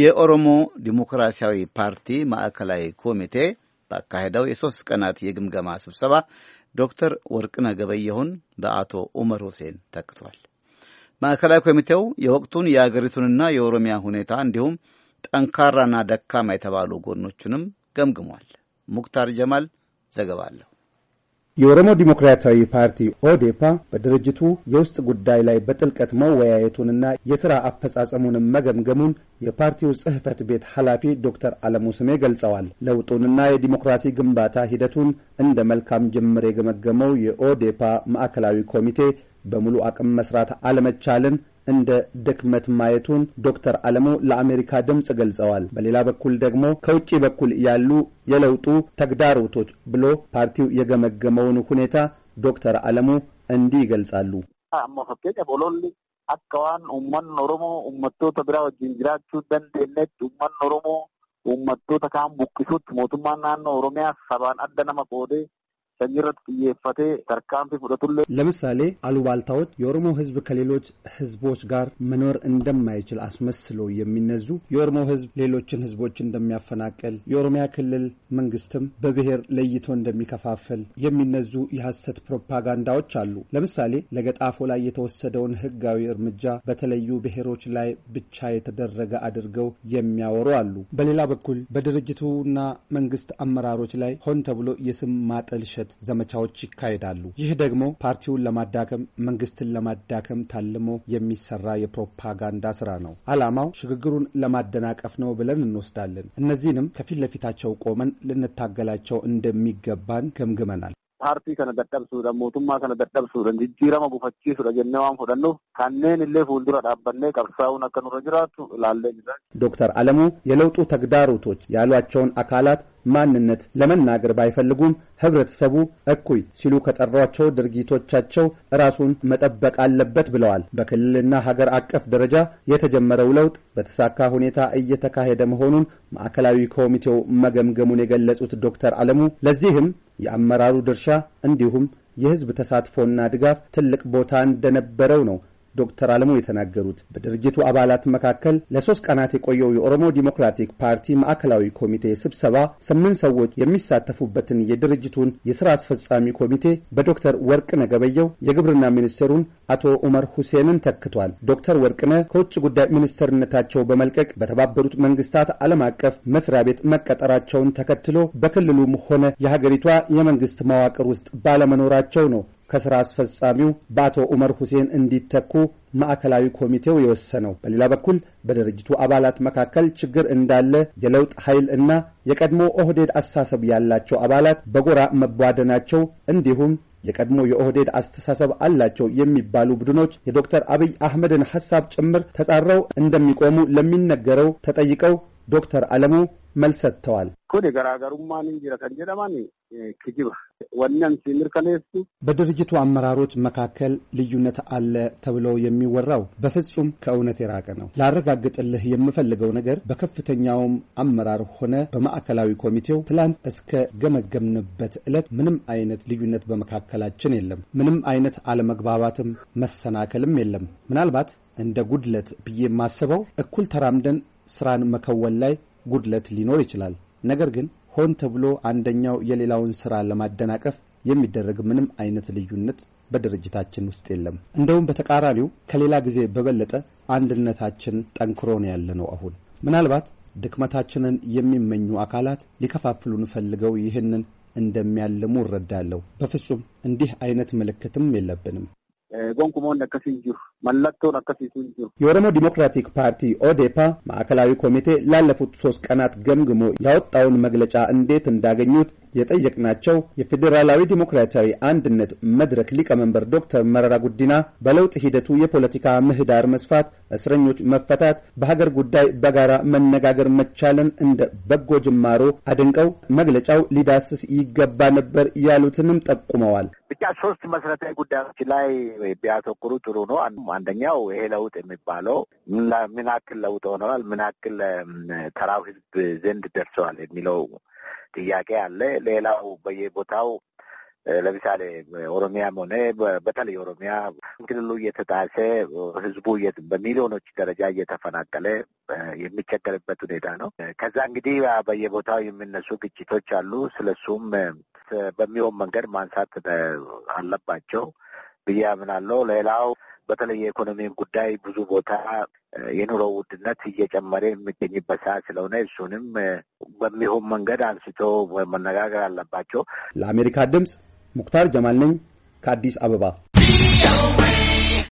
የኦሮሞ ዲሞክራሲያዊ ፓርቲ ማዕከላዊ ኮሚቴ ባካሄደው የሶስት ቀናት የግምገማ ስብሰባ ዶክተር ወርቅነህ ገበየሁን በአቶ ኡመር ሁሴን ተክቷል። ማዕከላዊ ኮሚቴው የወቅቱን የአገሪቱንና የኦሮሚያ ሁኔታ እንዲሁም ጠንካራና ደካማ የተባሉ ጎኖቹንም ገምግሟል። ሙክታር ጀማል ዘገባ የኦሮሞ ዲሞክራሲያዊ ፓርቲ ኦዴፓ በድርጅቱ የውስጥ ጉዳይ ላይ በጥልቀት መወያየቱንና የሥራ አፈጻጸሙንም መገምገሙን የፓርቲው ጽሕፈት ቤት ኃላፊ ዶክተር አለሙ ስሜ ገልጸዋል። ለውጡንና የዲሞክራሲ ግንባታ ሂደቱን እንደ መልካም ጅምር የገመገመው የኦዴፓ ማዕከላዊ ኮሚቴ በሙሉ አቅም መስራት አለመቻልን እንደ ድክመት ማየቱን ዶክተር አለሞ ለአሜሪካ ድምፅ ገልጸዋል። በሌላ በኩል ደግሞ ከውጭ በኩል ያሉ የለውጡ ተግዳሮቶች ብሎ ፓርቲው የገመገመውን ሁኔታ ዶክተር አለሙ እንዲህ ይገልጻሉ። አካዋን ኡመን ኦሮሞ ኡመቶተ ብራ ወጅን ጅራቹ ደንዴነት ኡመን ኦሮሞ ኡመቶተ ካን ቡቅሱት ሞቱማ ናኖ ኦሮሚያ ሰባን አደ ነመ ቆዴ ለምሳሌ አሉባልታዎች የኦሮሞ ሕዝብ ከሌሎች ህዝቦች ጋር መኖር እንደማይችል አስመስሎ የሚነዙ የኦሮሞ ሕዝብ ሌሎችን ህዝቦች እንደሚያፈናቅል የኦሮሚያ ክልል መንግስትም በብሔር ለይቶ እንደሚከፋፍል የሚነዙ የሐሰት ፕሮፓጋንዳዎች አሉ። ለምሳሌ ለገጣፎ ላይ የተወሰደውን ህጋዊ እርምጃ በተለዩ ብሔሮች ላይ ብቻ የተደረገ አድርገው የሚያወሩ አሉ። በሌላ በኩል በድርጅቱና መንግስት አመራሮች ላይ ሆን ተብሎ የስም ማጠልሸት ዘመቻዎች ይካሄዳሉ። ይህ ደግሞ ፓርቲውን ለማዳከም መንግስትን ለማዳከም ታልሞ የሚሰራ የፕሮፓጋንዳ ስራ ነው። አላማው ሽግግሩን ለማደናቀፍ ነው ብለን እንወስዳለን። እነዚህንም ከፊት ለፊታቸው ቆመን ልንታገላቸው እንደሚገባን ገምግመናል። paartii kana dadhabsuudha, mootummaa kana dadhabsuudha, jijjiirama buufachiisuudha jennee waan fudhannuuf kanneen illee fuuldura dhaabbannee qabsaa'uun akka nurra jiraatu laalleen ይላል። ዶክተር አለሙ የለውጡ ተግዳሮቶች ያሏቸውን አካላት ማንነት ለመናገር ባይፈልጉም ህብረተሰቡ እኩይ ሲሉ ከጠሯቸው ድርጊቶቻቸው ራሱን መጠበቅ አለበት ብለዋል። በክልልና ሀገር አቀፍ ደረጃ የተጀመረው ለውጥ በተሳካ ሁኔታ እየተካሄደ መሆኑን ማዕከላዊ ኮሚቴው መገምገሙን የገለጹት ዶክተር አለሙ ለዚህም የአመራሩ ድርሻ እንዲሁም የህዝብ ተሳትፎና ድጋፍ ትልቅ ቦታ እንደነበረው ነው ዶክተር አለሙ የተናገሩት። በድርጅቱ አባላት መካከል ለሶስት ቀናት የቆየው የኦሮሞ ዲሞክራቲክ ፓርቲ ማዕከላዊ ኮሚቴ ስብሰባ ስምንት ሰዎች የሚሳተፉበትን የድርጅቱን የስራ አስፈጻሚ ኮሚቴ በዶክተር ወርቅነ ገበየው የግብርና ሚኒስቴሩን አቶ ዑመር ሁሴንን ተክቷል። ዶክተር ወርቅነ ከውጭ ጉዳይ ሚኒስቴርነታቸው በመልቀቅ በተባበሩት መንግስታት ዓለም አቀፍ መስሪያ ቤት መቀጠራቸውን ተከትሎ በክልሉም ሆነ የሀገሪቷ የመንግስት መዋቅር ውስጥ ባለመኖራቸው ነው ከስራ አስፈጻሚው በአቶ ዑመር ሁሴን እንዲተኩ ማዕከላዊ ኮሚቴው የወሰነው። በሌላ በኩል በድርጅቱ አባላት መካከል ችግር እንዳለ የለውጥ ኃይል እና የቀድሞ ኦህዴድ አስተሳሰብ ያላቸው አባላት በጎራ መቧደናቸው እንዲሁም የቀድሞ የኦህዴድ አስተሳሰብ አላቸው የሚባሉ ቡድኖች የዶክተር አብይ አህመድን ሀሳብ ጭምር ተጻረው እንደሚቆሙ ለሚነገረው ተጠይቀው ዶክተር አለሙ መልስ ሰጥተዋል። በድርጅቱ አመራሮች መካከል ልዩነት አለ ተብሎ የሚወራው በፍጹም ከእውነት የራቀ ነው። ላረጋግጥልህ የምፈልገው ነገር በከፍተኛውም አመራር ሆነ በማዕከላዊ ኮሚቴው ትላንት እስከ ገመገምንበት ዕለት ምንም አይነት ልዩነት በመካከላችን የለም። ምንም አይነት አለመግባባትም መሰናከልም የለም። ምናልባት እንደ ጉድለት ብዬ የማስበው እኩል ተራምደን ስራን መከወል ላይ ጉድለት ሊኖር ይችላል። ነገር ግን ሆን ተብሎ አንደኛው የሌላውን ስራ ለማደናቀፍ የሚደረግ ምንም አይነት ልዩነት በድርጅታችን ውስጥ የለም። እንደውም በተቃራኒው ከሌላ ጊዜ በበለጠ አንድነታችን ጠንክሮ ነው ያለ ነው። አሁን ምናልባት ድክመታችንን የሚመኙ አካላት ሊከፋፍሉን ፈልገው ይህንን እንደሚያልሙ እረዳለሁ። በፍጹም እንዲህ አይነት ምልክትም የለብንም። gonkumoon akkas jiru mallattoon akkasiitu jiru የኦሮሞ ዲሞክራቲክ ፓርቲ ኦዴፓ ማዕከላዊ ኮሚቴ ላለፉት ሶስት ቀናት ገምግሞ ያወጣውን መግለጫ እንዴት እንዳገኙት የጠየቅናቸው የፌዴራላዊ ዲሞክራሲያዊ አንድነት መድረክ ሊቀመንበር ዶክተር መረራ ጉዲና በለውጥ ሂደቱ የፖለቲካ ምህዳር መስፋት፣ እስረኞች መፈታት፣ በሀገር ጉዳይ በጋራ መነጋገር መቻለን እንደ በጎ ጅማሮ አድንቀው መግለጫው ሊዳስስ ይገባ ነበር ያሉትንም ጠቁመዋል። ብቻ ሶስት መሰረታዊ ጉዳዮች ላይ ቢያተኩሩ ጥሩ ነው። አንደኛው ይሄ ለውጥ የሚባለው ምን ያክል ለውጥ ሆነዋል፣ ምን ያክል ተራው ህዝብ ዘንድ ደርሰዋል የሚለው ጥያቄ አለ። ሌላው በየቦታው ለምሳሌ ኦሮሚያም ሆነ በተለይ ኦሮሚያ ክልሉ እየተጣሰ ህዝቡ በሚሊዮኖች ደረጃ እየተፈናቀለ የሚቸገርበት ሁኔታ ነው። ከዛ እንግዲህ በየቦታው የሚነሱ ግጭቶች አሉ። ስለሱም በሚሆን መንገድ ማንሳት አለባቸው ብዬ አምናለሁ። ሌላው በተለይ የኢኮኖሚ ጉዳይ ብዙ ቦታ የኑሮ ውድነት እየጨመረ የሚገኝበት ሰዓት ስለሆነ እሱንም በሚሆን መንገድ አንስቶ መነጋገር አለባቸው። ለአሜሪካ ድምፅ ሙክታር ጀማል ነኝ ከአዲስ አበባ።